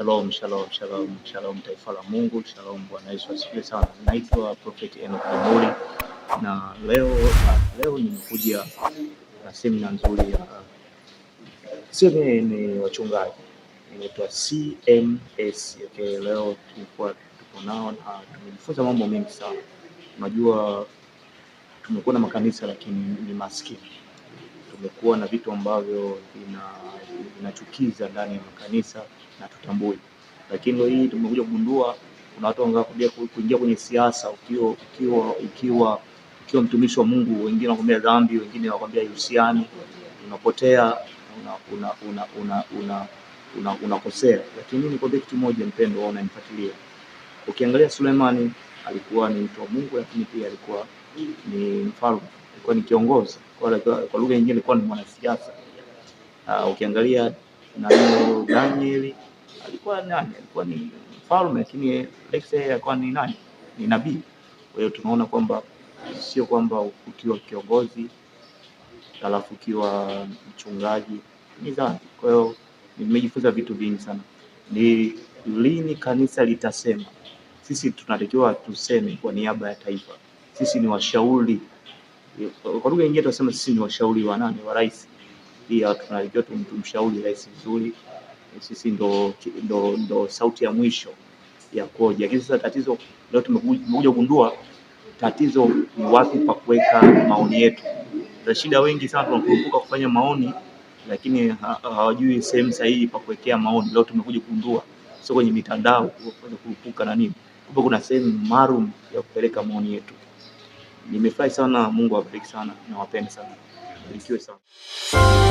Shalom, shalom, shalom, shalom taifa la Mungu, shalom. Bwana Yesu asifiwe sana. Naitwa Prophet Enoch Kamuli na leo ah, leo nimekuja na semina nzuri ya seme ni wachungaji inaitwa CMS. Okay, leo tulikuwa tuko nao na tumejifunza mambo mengi sana. Unajua tumekuwa na makanisa lakini ni maskini kumekuwa na vitu ambavyo vinachukiza ndani ya makanisa na tutambui, lakini leo hii tumekuja kugundua kuna watu wanakuja kuingia kwenye siasa ukiwa, ukiwa, ukiwa, ukiwa mtumishi wa Mungu, wengine wanakwambia dhambi, wengine wanakwambia uhusiani unapotea unakosea una, una, una, una, una, una. Lakini nikwambia kitu moja mpendo, unanifuatilia ukiangalia, Sulemani alikuwa ni mtu wa Mungu, lakini pia alikuwa ni mfalme kwa ni kiongozi kwa, kwa lugha nyingine alikuwa ni mwanasiasa. Uh, ukiangalia na Daniel alikuwa nani? Alikuwa ni mfalme, lakini Alexia alikuwa ni nani? Ni nabii. Kwa hiyo tunaona kwamba sio kwamba ukiwa kiongozi alafu ukiwa mchungaji ni dhambi. Kwa hiyo nimejifunza vitu vingi sana. Ni lini kanisa litasema? Sisi tunatakiwa tuseme kwa niaba ya taifa. Sisi ni washauri kwa lugha nyingine tunasema sisi ni washauri wa nani, wa rais. Pia tunalijua tumshauri rais vizuri, sisi ndo, ndo, ndo sauti ya mwisho ya kodi. Lakini sasa tatizo leo tumekuja kugundua tatizo ni wapi pa kuweka maoni yetu. Na shida wengi sana tunakumbuka kufanya maoni, lakini hawajui ha, sehemu sahihi pa kuwekea maoni. Leo tumekuja kugundua sio kwenye mitandao kuepuka na nini, kumbe kuna sehemu maalum ya kupeleka maoni yetu. Nimefurahi sana. Mungu awabariki sana, nawapenda sana, barikiwe sana.